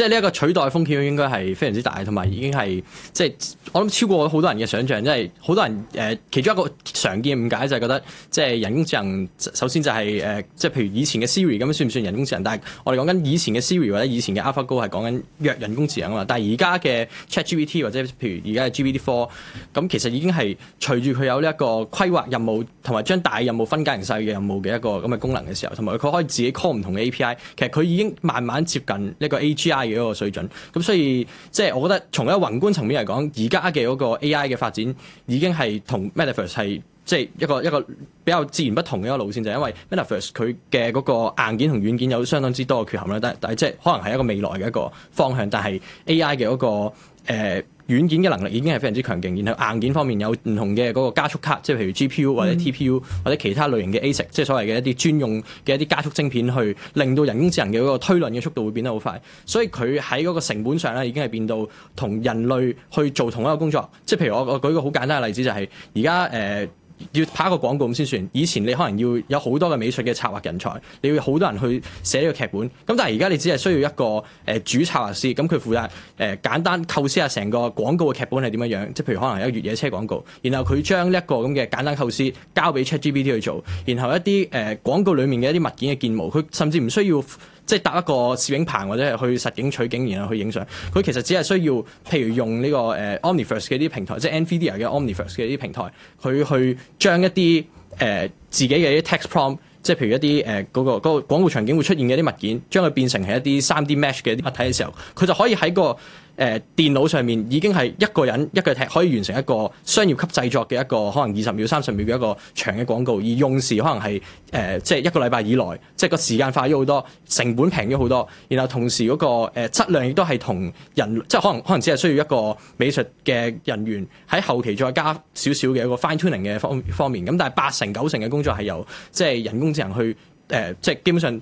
即係呢一個取代風險應該係非常之大，同埋已經係即係我諗超過好多人嘅想象。即係好多人誒、呃、其中一個常見誤解就係覺得即係人工智能，首先就係、是、誒、呃、即係譬如以前嘅 Siri 咁樣算唔算人工智能？但係我哋講緊以前嘅 Siri 或者以前嘅 AlphaGo 係 al 講緊弱人工智能啊嘛。但係而家嘅 ChatGPT 或者譬如而家嘅 GPT-four，咁其實已經係隨住佢有呢一個規劃任務同埋將大任務分解成細嘅任務嘅一個咁嘅功能嘅時候，同埋佢可以自己 call 唔同嘅 API，其實佢已經慢慢接近呢個 AGI。嘅嗰個水準，咁所以即係、就是、我覺得從一個宏觀層面嚟講，而家嘅嗰個 AI 嘅發展已經係同 Metaverse 係即係、就是、一個一個比較自然不同嘅一個路線，就係、因為 Metaverse 佢嘅嗰個硬件同軟件有相當之多嘅缺陷啦。但但係即係可能係一個未來嘅一個方向，但係 AI 嘅嗰、嗰個。誒、呃、軟件嘅能力已經係非常之強勁，然後硬件方面有唔同嘅嗰個加速卡，即係譬如 GPU 或者 TPU 或者其他類型嘅 ASIC，即係所謂嘅一啲專用嘅一啲加速晶片，去令到人工智能嘅嗰個推論嘅速度會變得好快。所以佢喺嗰個成本上咧，已經係變到同人類去做同一個工作。即係譬如我我舉個好簡單嘅例子、就係，就係而家誒、呃要拍一個廣告咁先算。以前你可能要有好多嘅美術嘅策劃人才，你要好多人去寫呢個劇本。咁但係而家你只係需要一個誒、呃、主策劃師，咁佢負責誒、呃、簡單構思下成個廣告嘅劇本係點樣樣，即係譬如可能係一個越野車廣告，然後佢將呢一個咁嘅簡單構思交俾 ChatGPT 去做，然後一啲誒、呃、廣告裡面嘅一啲物件嘅建模，佢甚至唔需要。即係搭一個攝影棚或者係去實景取景，然後去影相。佢其實只係需要，譬如用呢、這個誒、呃、Omniverse 嘅啲平台，即係 NVIDIA 嘅 Omniverse 嘅啲平台，佢去將一啲誒、呃、自己嘅一啲 text prompt，即係譬如一啲誒嗰個嗰、那個、廣告場景會出現嘅啲物件，將佢變成係一啲三 D mesh 嘅啲物體嘅時候，佢就可以喺個，誒、呃、電腦上面已經係一個人一腳踢可以完成一個商業級製作嘅一個可能二十秒三十秒嘅一個長嘅廣告，而用時可能係誒、呃、即係一個禮拜以來，即係個時間快咗好多，成本平咗好多，然後同時嗰、那個誒、呃、質量亦都係同人即係可能可能只係需要一個美術嘅人員喺後期再加少少嘅一個 fine tuning 嘅方方面，咁但係八成九成嘅工作係由即係人工智能去誒、呃，即係基本上。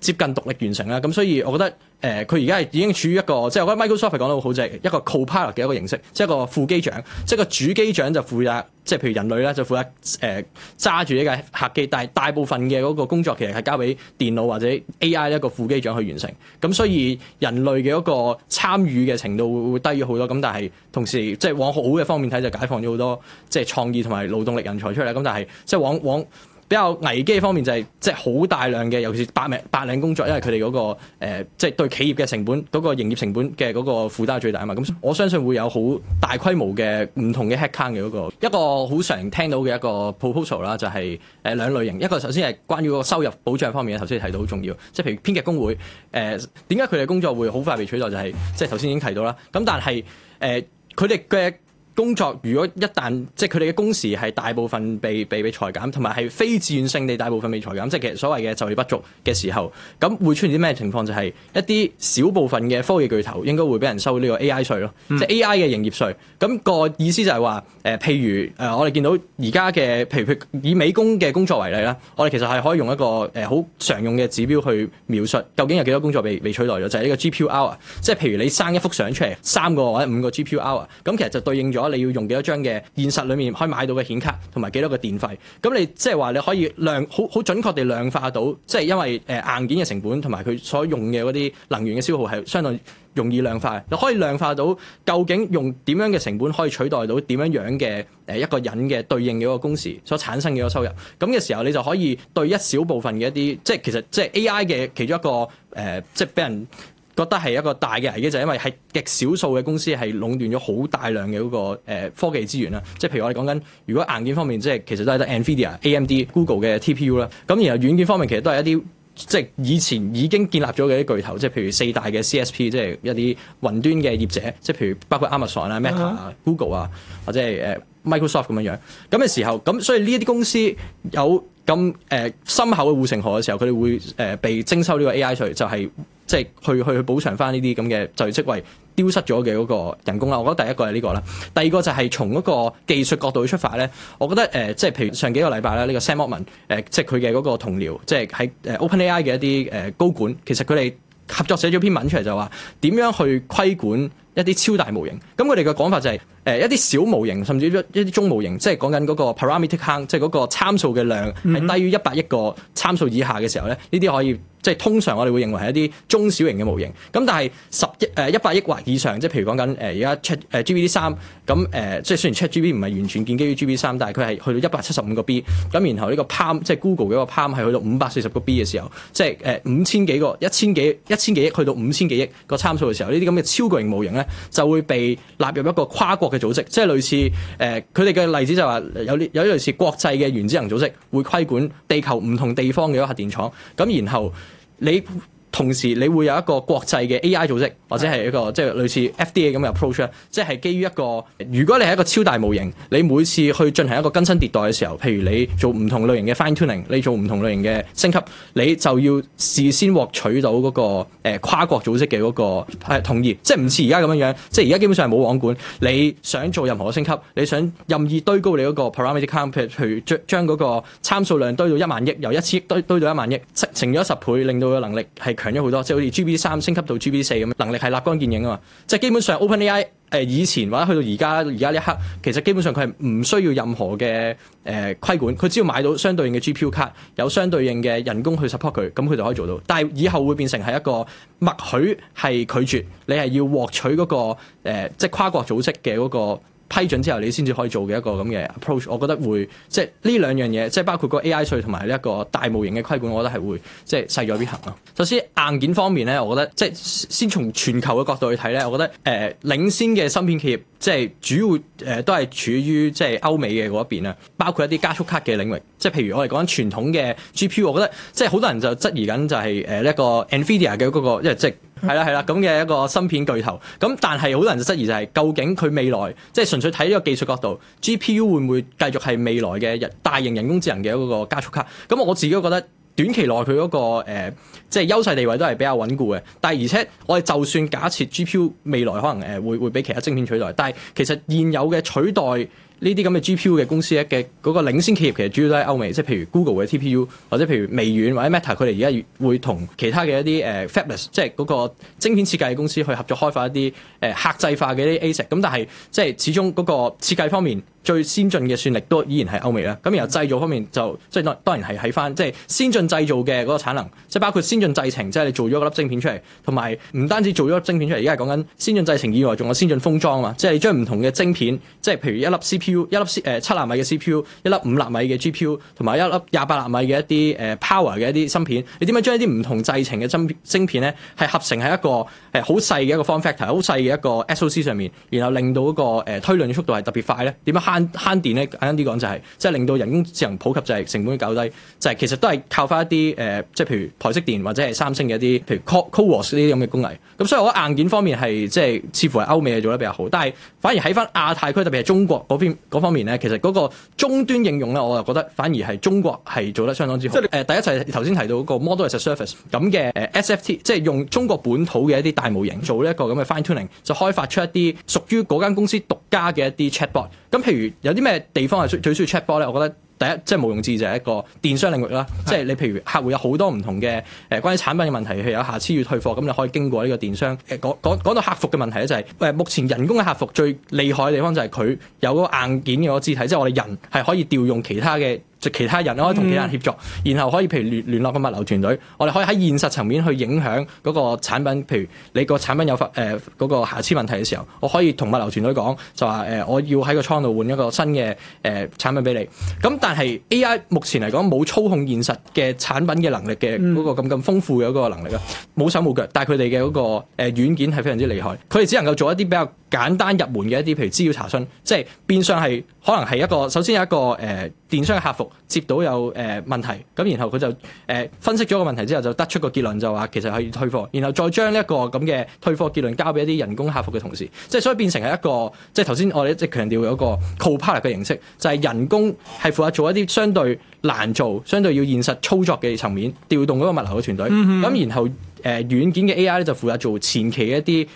接近獨立完成啦，咁所以我覺得誒，佢而家係已經處於一個，即係我覺得 Microsoft 講得好就係、是、一個 co-pilot 嘅一個形式，即係個副機長，即係個主機長就負責，即係譬如人類咧就負責誒揸住呢架客機，但係大，大部分嘅嗰個工作其實係交俾電腦或者 AI 一個副機長去完成，咁所以人類嘅一個參與嘅程度會低咗好多，咁但係同時即係往好嘅方面睇就解放咗好多，即係創意同埋勞動力人才出嚟，咁但係即係往往。往比較危機嘅方面就係即係好大量嘅，尤其是白領白領工作，因為佢哋嗰個即係、呃就是、對企業嘅成本嗰、那個營業成本嘅嗰個負擔係最大啊嘛。咁我相信會有好大規模嘅唔同嘅 headcount 嘅嗰個一個好常聽到嘅一個 proposal 啦、就是，就係誒兩類型，一個首先係關於個收入保障方面啊，頭先提到好重要，即係譬如編劇工會誒點解佢哋工作會好快被取代？就係、是、即係頭先已經提到啦。咁但係誒佢哋嘅。呃工作如果一旦即係佢哋嘅工時係大部分被被被裁減同埋係非自願性地大部分被裁減，即係其實所謂嘅就業不足嘅時候，咁會出現啲咩情況？就係、是、一啲小部分嘅科技巨頭應該會俾人收呢個 A.I. 稅咯，嗯、即係 A.I. 嘅營業稅。咁、那個意思就係話誒譬如誒、呃、我哋見到而家嘅譬如譬如以美工嘅工作為例啦，我哋其實係可以用一個誒好、呃、常用嘅指標去描述究竟有幾多工作被被取代咗，就係、是、呢個 G.P.U. hour，即係譬如你生一幅相出嚟三個或者五個 G.P.U. hour，咁其實就對應咗。你要用幾多張嘅現實裡面可以買到嘅顯卡，同埋幾多個電費？咁你即係話你可以量好好準確地量化到，即係因為誒、呃、硬件嘅成本同埋佢所用嘅嗰啲能源嘅消耗係相當容易量化嘅。你可以量化到究竟用點樣嘅成本可以取代到點樣樣嘅誒一個人嘅對應嗰個工時所產生嘅嗰個收入？咁嘅時候你就可以對一小部分嘅一啲，即係其實即係 AI 嘅其中一個誒、呃，即係俾人。覺得係一個大嘅危機，就係因為係極少數嘅公司係壟斷咗好大量嘅嗰個誒科技資源啦。即係譬如我哋講緊，如果硬件方面，即係其實都係得 NVIDIA、AMD、Google 嘅 TPU 啦。咁然後軟件方面，其實都係一啲即係以前已經建立咗嘅啲巨頭，即係譬如四大嘅 CSP，即係一啲雲端嘅業者，即係譬如包括 Amazon 啦、Meta 啊、Google 啊，或者係誒 Microsoft 咁樣樣。咁嘅時候，咁所以呢一啲公司有咁誒、呃、深厚嘅護城河嘅時候，佢哋會誒、呃、被徵收呢個 AI 出嚟，就係、係。即係去去去補償翻呢啲咁嘅就職位丟失咗嘅嗰個人工啊！我覺得第一個係呢個啦，第二個就係從嗰個技術角度去出發咧。我覺得誒，即係譬如上幾個禮拜啦，呢個 Sam Altman 誒，即係佢嘅嗰個同僚，即係喺 OpenAI 嘅一啲誒高管，其實佢哋合作寫咗篇文出嚟，就話點樣去規管一啲超大模型。咁佢哋嘅講法就係誒一啲小模型，甚至一啲中模型，即係講緊嗰個 parameter 即係嗰個參數嘅量係低於一百億個參數以下嘅時候咧，呢啲可以。即係通常我哋會認為係一啲中小型嘅模型，咁但係十億誒、呃、一百億或以上，即係譬如講緊誒而家 Chat 誒 GPT 三，咁誒即係雖然 ChatGPT 唔係完全建基於 GPT 三，但係佢係去到一百七十五個 B，咁然後呢個 Palm，即係 Google 嗰個 Palm 係去到五百四十個 B 嘅時候，即係誒五千幾個一千幾一千幾億去到五千幾億個參數嘅時候，呢啲咁嘅超巨型模型咧就會被納入一個跨國嘅組織，即係類似誒佢哋嘅例子就話有有，有類似國際嘅原子能組織會規管地球唔同地方嘅核電廠，咁然後。然後你同時你會有一個國際嘅 AI 組織。或者係一個即係類似 FDA 咁嘅 approach 啦，即係基於一個，如果你係一個超大模型，你每次去進行一個更新迭代嘅時候，譬如你做唔同類型嘅 fine tuning，你做唔同類型嘅升級，你就要事先獲取到嗰、嗰個、呃、跨國組織嘅嗰、嗰個、呃、同意，即係唔似而家咁樣樣，即係而家基本上係冇網管，你想做任何升級，你想任意堆高你嗰個 parameter count 譬如將將嗰個參數量堆到一萬億，由一千億堆堆到一萬億，成咗十倍，令到嘅能力係強咗好多，即係好似 GB 三升級到 GB 四咁樣能力。係立竿見影啊嘛！即係基本上 OpenAI，誒、呃、以前或者去到而家而家呢一刻，其實基本上佢係唔需要任何嘅誒規管，佢只要買到相對應嘅 GPU 卡，有相對應嘅人工去 support 佢，咁佢就可以做到。但係以後會變成係一個默許，係拒絕你係要獲取嗰、嗰個誒、呃，即係跨國組織嘅嗰、嗰個。批准之後，你先至可以做嘅一個咁嘅 approach，我覺得會即係呢兩樣嘢，即係包括個 AI 稅同埋呢一個大模型嘅規管，我覺得係會即係勢在必行啊！首先硬件方面咧，我覺得即係先從全球嘅角度去睇咧，我覺得誒、呃、領先嘅芯片企業。即係主要誒、呃、都係處於即係歐美嘅嗰一邊啦，包括一啲加速卡嘅領域，即係譬如我哋講緊傳統嘅 GPU，我覺得即係好多人就質疑緊就係誒一個 NVIDIA 嘅嗰、嗰個，因為即係係啦係啦咁嘅一個芯片巨頭，咁但係好多人就質疑就係、是、究竟佢未來即係純粹睇呢個技術角度，GPU 會唔會繼續係未來嘅大型人工智能嘅一個加速卡？咁我自己都覺得。短期內佢嗰、那個、呃、即係優勢地位都係比較穩固嘅，但係而且我哋就算假設 GPU 未來可能誒會、呃、會俾其他晶片取代，但係其實現有嘅取代呢啲咁嘅 GPU 嘅公司嘅嗰個領先企業其實主要都係歐美，即係譬如 Google 嘅 TPU 或者譬如微軟或者 Meta 佢哋而家會同其他嘅一啲誒 fabless 即係嗰個晶片設計嘅公司去合作開發一啲誒、呃、客製化嘅啲 ASIC，咁但係即係始終嗰個設計方面。最先進嘅算力都依然係歐美啦，咁然後製造方面就即係當當然係喺翻即係先進製造嘅個產能，即係包括先進製程，即係你做咗粒晶片出嚟，同埋唔單止做咗粒晶片出嚟，而家係講緊先進製程以外，仲有先進封裝啊嘛，即係你將唔同嘅晶片，即係譬如一粒 CPU 一粒誒七納米嘅 CPU，一粒五納米嘅 GPU，同埋一粒廿八納米嘅一啲誒、呃、Power 嘅一啲芯片，你點樣將一啲唔同製程嘅芯晶片咧，係合成喺一個誒好細嘅一個 form factor、好細嘅一個 SOC 上面，然後令到、那個誒、呃、推論嘅速度係特別快咧？點樣慳？慳慳電咧，簡單啲講就係、是，即係令到人工智能普及就係成本較低，就係、是、其實都係靠翻一啲誒、呃，即係譬如台積電或者係三星嘅一啲，譬如 Cop CoWoS 呢啲咁嘅工藝。咁所以我覺得硬件方面係即係似乎係歐美做得比較好，但係反而喺翻亞太區特別係中國嗰邊嗰方面咧，其實嗰個終端應用咧，我就覺得反而係中國係做得相當之好。即係是誒、呃，第一係頭先提到嗰個 Model as a Service, s e r f a c e 咁嘅誒 SFT，即係用中國本土嘅一啲大模型做呢一個咁嘅 Fine Tuning，就開發出一啲屬於嗰間公司獨家嘅一啲 Chatbot。咁譬如。譬如有啲咩地方係最需要 check 波咧？我覺得第一即係無用字就係、是、一個電商領域啦。是的 即係你譬如客戶有好多唔同嘅誒、呃，關於產品嘅問題，佢有瑕疵要退貨，咁你可以經過呢個電商誒、呃、講講講到客服嘅問題咧、就是，就係誒目前人工嘅客服最厲害嘅地方就係佢有個硬件嘅嗰個姿態，即係我哋人係可以調用其他嘅。其他人可以同其他人協作，嗯、然後可以譬如聯聯絡個物流團隊，我哋可以喺現實層面去影響嗰個產品。譬如你個產品有發誒、呃那個瑕疵問題嘅時候，我可以同物流團隊講，就話誒、呃、我要喺個倉度換一個新嘅誒、呃、產品俾你。咁但係 AI 目前嚟講冇操控現實嘅產品嘅能力嘅嗰、嗰個咁咁豐富嘅一個能力啊，冇、嗯、手冇腳，但係佢哋嘅嗰個誒、呃、軟件係非常之厲害，佢哋只能夠做一啲比較，簡單入門嘅一啲，譬如資料查詢，即係變相係可能係一個首先有一個誒、呃、電商嘅客服接到有誒、呃、問題，咁然後佢就誒、呃、分析咗個問題之後，就得出個結論就話其實可以退貨，然後再將呢、這個、一個咁嘅退貨結論交俾一啲人工客服嘅同事，即係所以變成係一個即係頭先我哋一直強調有一個 co-pilot 嘅形式，就係、是、人工係負責做一啲相對難做、相對要現實操作嘅層面，調動嗰個物流嘅團隊，咁、mm hmm. 然後。誒、呃、軟件嘅 AI 咧就負責做前期一啲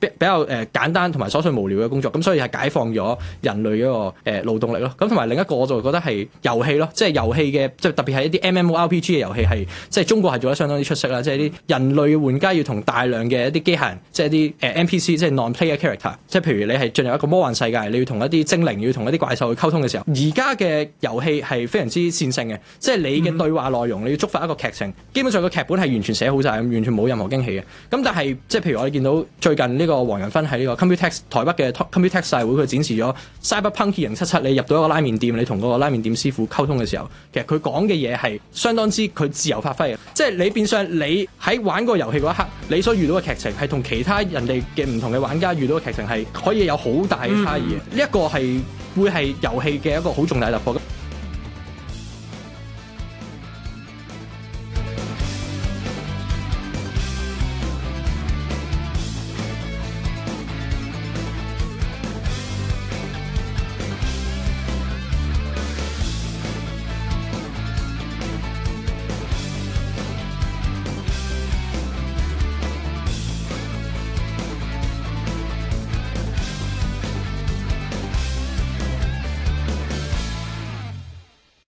比較誒簡單同埋瑣碎無聊嘅工作，咁所以係解放咗人類嗰個誒勞動力咯。咁同埋另一個我就覺得係遊戲咯，即係遊戲嘅即係特別係一啲 MMORPG 嘅遊戲係即係中國係做得相當之出色啦。即係啲人類玩家要同大量嘅一啲機械人，即係一啲誒 NPC，即係 non-play 嘅 character，即係譬如你係進入一個魔幻世界，你要同一啲精靈要同一啲怪獸去溝通嘅時候，而家嘅遊戲係非常之線性嘅，即係你嘅對話內容你要觸發一個劇情，基本上個劇本係完全寫好晒。咁完。冇任何驚喜嘅，咁但係即係譬如我哋見到最近呢個黃仁勳喺呢個 Computex 台北嘅 Computex 大會，佢展示咗 Cyberpunk 零七七，你入到一個拉麵店，你同嗰個拉麵店師傅溝通嘅時候，其實佢講嘅嘢係相當之佢自由發揮嘅，即係你變相你喺玩個遊戲嗰一刻，你所遇到嘅劇情係同其他人哋嘅唔同嘅玩家遇到嘅劇情係可以有好大嘅差異，呢一個係會係遊戲嘅一個好重大突破。